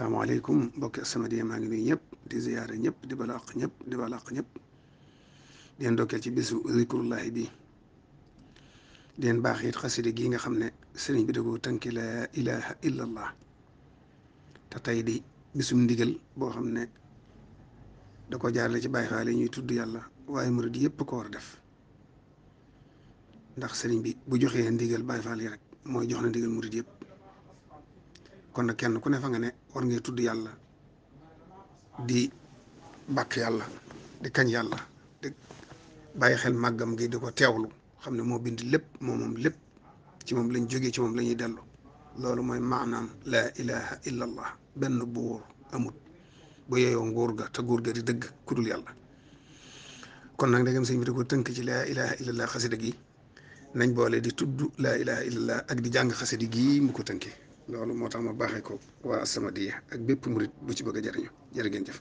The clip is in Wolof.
salaamaaleykum mbokki As-Samadiyya maa ngi nuyu ñëpp di ziyaare ñëpp di bala aq ñëpp di bala ñëpp di leen dokkeel ci bisu zikrullahi bi di leen baax it xasida gii nga xam ne sëriñ bi dagoo tënki la ilaha illa allah te tey di bisum ndigal boo xam ne da ko jaarale ci Baay Faal ñuy tudd yàlla waaye murid yëpp ko war a def ndax sëriñ bi bu joxee ndigal Baay Faal yi rek mooy jox na ndigal murid yëpp kon nag kenn ku ne nga ne war ngay tudd yàlla di bàkk yàlla di yàlla di xel màggam gi di ko teewlu xam ne moo bind lépp lépp ci moom lañ jógee ci moom la ñuy loolu mooy maanaam laa ilaha illa benn buur amut bu yeeyoo nguur ga te nguur ga di dëgg ku dul kon nag ndegam sëñ bi di ko tënk ci laa ilaha illallah xasida gi nañ boole di tudd laa ilaha illallah ak di jàng xasida gii mu ko tënkee loolu moo tax ma baaxee ko waa sama samadiyya ak bépp mu bu ci bëgg a jëriñu jërë ngeen